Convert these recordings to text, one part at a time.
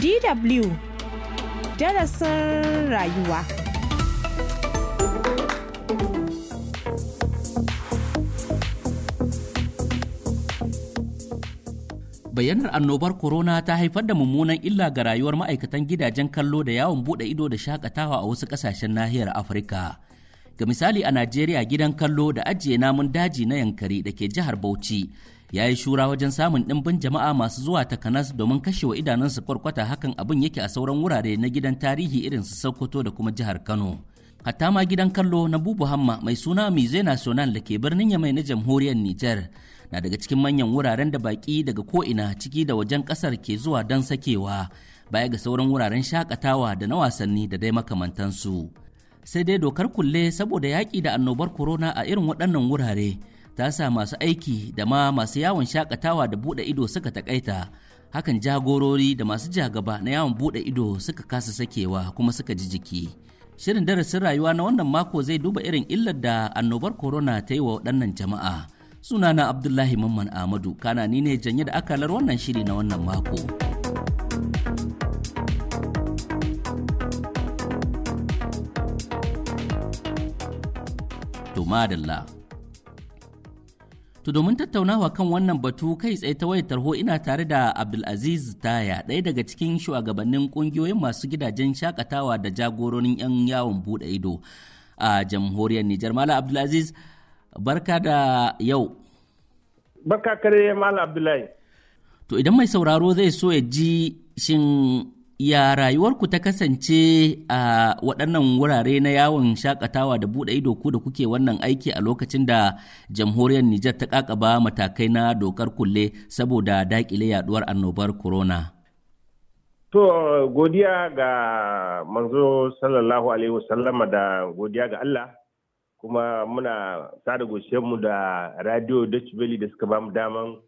DW darasin rayuwa. Bayanar annobar corona ta haifar da mummunan illa ga rayuwar ma'aikatan gidajen kallo da yawon bude ido da shakatawa a wasu kasashen nahiyar afirka ga misali a najeriya gidan kallo da ajiye namun daji na yankari da ke jihar bauchi ya yi shura wajen samun ɗimbin jama'a masu zuwa takanas domin kashe kashewa idanunsu kwarkwata hakan abin yake a sauran wurare na gidan tarihi irin su sokoto da kuma jihar kano hatta ma gidan kallo na bubu hamma mai suna mize national da ke birnin yamai na jamhuriyar niger na daga cikin manyan wuraren da baki daga ko ina ciki da wajen kasar ke zuwa don sakewa baya ga sauran wuraren shakatawa da na wasanni da dai makamantansu sai dai dokar kulle saboda yaƙi da annobar corona a irin waɗannan wurare ta sa masu aiki da ma masu yawon shakatawa da buɗe ido suka takaita hakan jagorori da masu jagaba na yawon buɗe ido suka kasa sakewa kuma suka ji jiki shirin darasin rayuwa na wannan mako zai duba irin illar da annobar corona ta yi wa waɗannan jama'a sunana abdullahi mamman ahmadu kana ni ne janye da akalar wannan shiri na wannan mako. madalla to domin tattaunawa kan wannan batu kai tsaye ta wayar tarho ina tare da abdulaziz taya ɗaya daga cikin shugabannin ƙungiyoyin masu gidajen shakatawa da jagoronin 'yan yawon buɗe ido a jamhuriyar nijar Mala abdulaziz barka da yau barka kare Mala abdullahi to idan mai sauraro zai so ya ji shin ya rayuwarku ta kasance a waɗannan wurare na yawon shakatawa da buɗe ido ku da kuke wannan aiki a lokacin da jamhuriyar Nijar ta ba matakai na dokar kulle saboda daƙile yaduwar annobar corona. To godiya ga manzo sallallahu alaihi wasallama da godiya ga Allah kuma muna sada mu da radio Dutch da suka bamu daman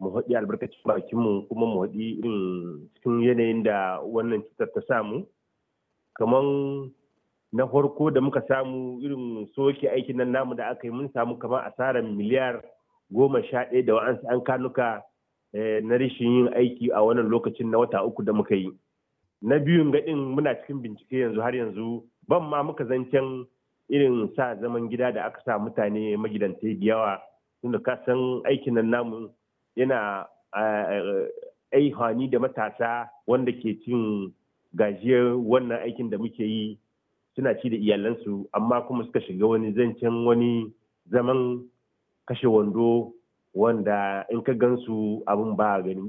mu haɗi albarkacin bakinmu kuma mu haɗi irin cikin yanayin da wannan cutar ta samu kamar na farko da muka samu irin soke aikin nan namu da aka yi mun samu kamar asarar miliyar goma sha ɗaya da wa'ansu an kanuka eh, na rashin yin aiki a wannan lokacin na wata uku da muka yi na biyun gaɗin muna cikin bincike yanzu har yanzu ban ma muka zancen irin sa zaman gida da aka sa mutane magidanta da yawa tunda ka san aikin nan namu yana aihani da matasa wanda ke cin gajiyar wannan aikin da muke yi suna ci da iyalansu amma kuma suka shiga wani zancen wani zaman kashe wando wanda in ka gansu abin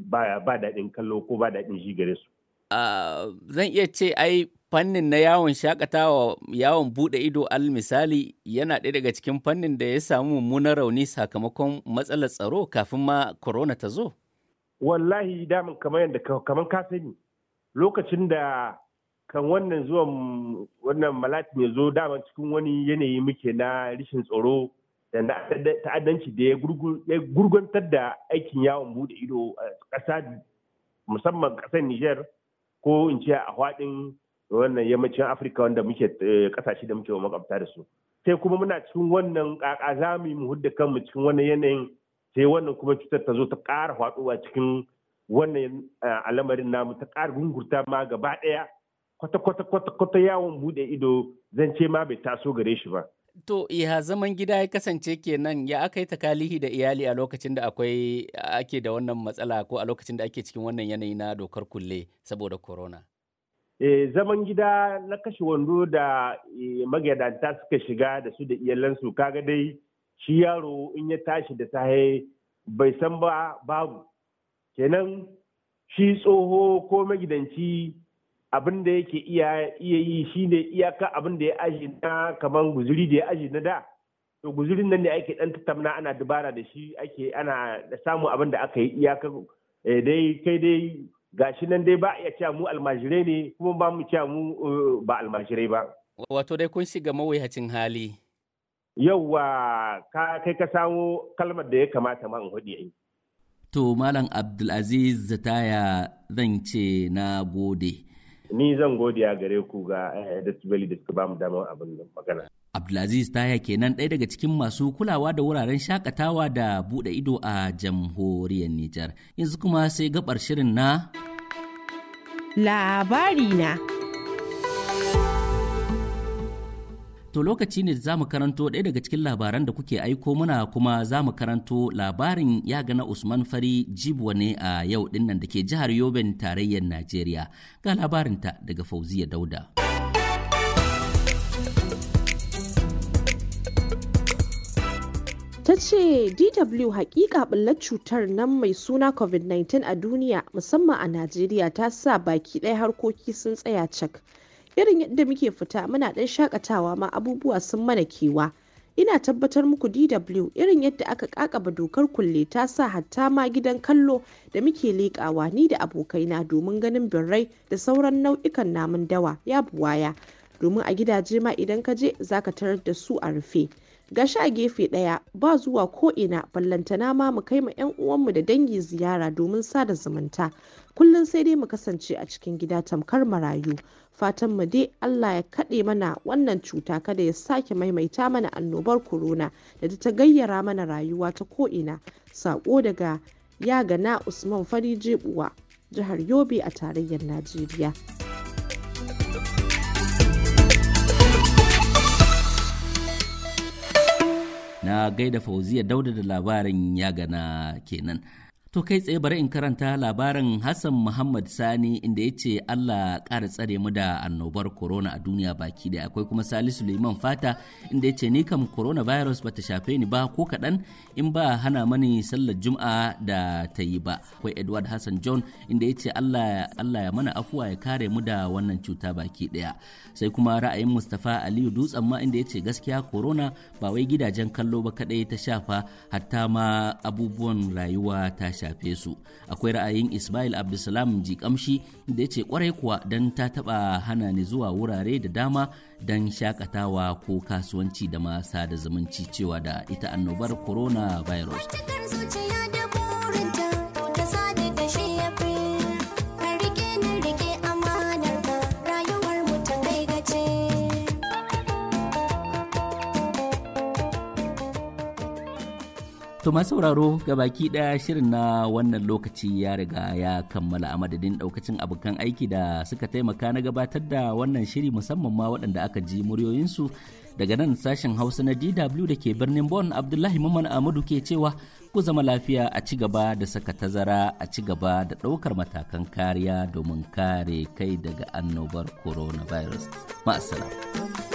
ba daɗin kallo ko ba daɗin shi gare su. Ah, zan iya ce ai fannin na yawon shakatawa yawon bude ido al misali yana ɗaya daga cikin fannin da ya samu mummunan rauni sakamakon matsalar tsaro kafin ma corona ta zo wallahi damin kamar yadda kamar ka sani lokacin da kan wannan zuwan wannan malati ya zo dama cikin wani yanayi muke na rishin tsaro da na ta'addanci da ya gurgantar da aikin yawon bude ido a ƙasa musamman ƙasar Nijar ko in ce a faɗin wannan yammacin afirka wanda muke kasashe eh, da muke makwabta da su sai kuma muna cikin wannan kaka za mu yi muhudda kanmu cikin wannan yanayin sai wannan kuma cutar ta zo ta ƙara faɗowa cikin wannan al'amarin namu ta ƙara gungurta ma gaba ɗaya kwata kwata kwata yawon buɗe ido zan ce ma bai taso gare shi ba. To ya zaman gida ya kasance kenan ya aka yi takalihi da iyali a lokacin da akwai ake da wannan matsala ko a lokacin da ake cikin wannan yanayi na dokar kulle saboda corona. Eh, zaman gida na kashe wando da eh, magadanta suka shiga da su da iyalansu kaga dai shi yaro in ya tashi da sahe bai san ba babu kenan shi tsoho ko magidanci abin da yake iya yi shi ne iyaka abin da ya aji na kamar guzuri da ya aji na da to guzurin nan ne ake dan tattamna ana dubara da shi ake ana samun abin da aka yi iyaka eh, dai kai dai Ga shi nan dai ba a iya cewa mu almajirai ne kuma ba mu cewa mu uh, ba almajirai ba. Wato dai kun shiga mawuyacin hali. Yawwa ka kai ka samo kalmar da ya kamata ma in hudi yi. To Malam Abdulaziz Zataya zan ce na gode. Ni zan gode a gare ku ga eh, Datibeli da suka ba mu damar abin magana. Abdulaziz Taya kenan ɗaya daga cikin masu kulawa da wuraren shakatawa da buɗe ido a jamhuriyar Nijar. Yanzu kuma sai gabar shirin na labari na. To lokaci ne za mu karanto ɗaya daga cikin labaran da kuke aiko muna kuma za mu karanto labarin ya gana Usman Fari Jibwa ne a yau ɗinnan da ke jihar Yoben tarayyar Najeriya. Ga labarinta daga Fauziya Dauda. ta ce dw hakika bullar cutar nan mai suna covid-19 a duniya musamman a najeriya ta sa baki ɗaya harkoki sun tsaya cak irin yadda muke fita muna ɗan shakatawa ma abubuwa sun mana kewa ina tabbatar muku dw irin yadda aka kakaba dokar kulle ta sa hatta ma gidan kallo da muke leƙawa ni da abokaina domin ganin birrai da sauran nau'ikan namun dawa ya buwaya domin a gidaje ma idan ka je za ka tarar da su a rufe Ga sha gefe ɗaya ba zuwa ko'ina ballantana ma mu kai ma 'yan uwanmu da dangi ziyara domin sada zumunta, kullum sai dai mu kasance a cikin gida tamkar marayu. fatan mu dai Allah ya kaɗe mana wannan cuta kada ya sake maimaita mana annobar Corona da ta gayyara mana rayuwa ta ko'ina. Saƙo daga gana Usman Fari Jihar Yobe a Tarayyar Najeriya. na gaida fauziya dauda da labarin ya gana kenan To kai tsaye bari in karanta labarin Hassan Muhammad Sani inda ya ce Allah ƙara tsare mu da annobar corona a duniya baki da akwai kuma Salisu Liman Fata inda ya ce ni kam coronavirus ba ta shafe ni ba ko kaɗan in ba hana mani sallar Juma'a da ta yi ba. Akwai Edward Hassan John inda ya ce Allah Allah ya mana afuwa ya kare mu da wannan cuta baki ɗaya. Sai kuma ra'ayin Mustapha Aliyu Dutsen ma inda ya ce gaskiya corona ba wai gidajen kallo ba kaɗai ta shafa hatta ma abubuwan rayuwa ta shafe su akwai ra'ayin ismail abdulsalam jikamshi da ya ce kwarai kuwa don ta taba hana ni zuwa wurare da dama don shakatawa ko kasuwanci da masa da zumunci cewa da ita annobar coronavirus. virus To sauraro ga baki ɗaya shirin na wannan lokaci ya riga ya kammala a madadin ɗaukacin abokan aiki da suka taimaka na gabatar da wannan shiri musamman ma waɗanda aka ji muryoyinsu daga nan sashen hausa na DW da ke birnin Bon Abdullahi Muhammad Amadu ke cewa ku zama lafiya a ci gaba da saka tazara a ci gaba da ɗaukar matakan kariya domin kare kai daga annobar coronavirus. Ma'asala.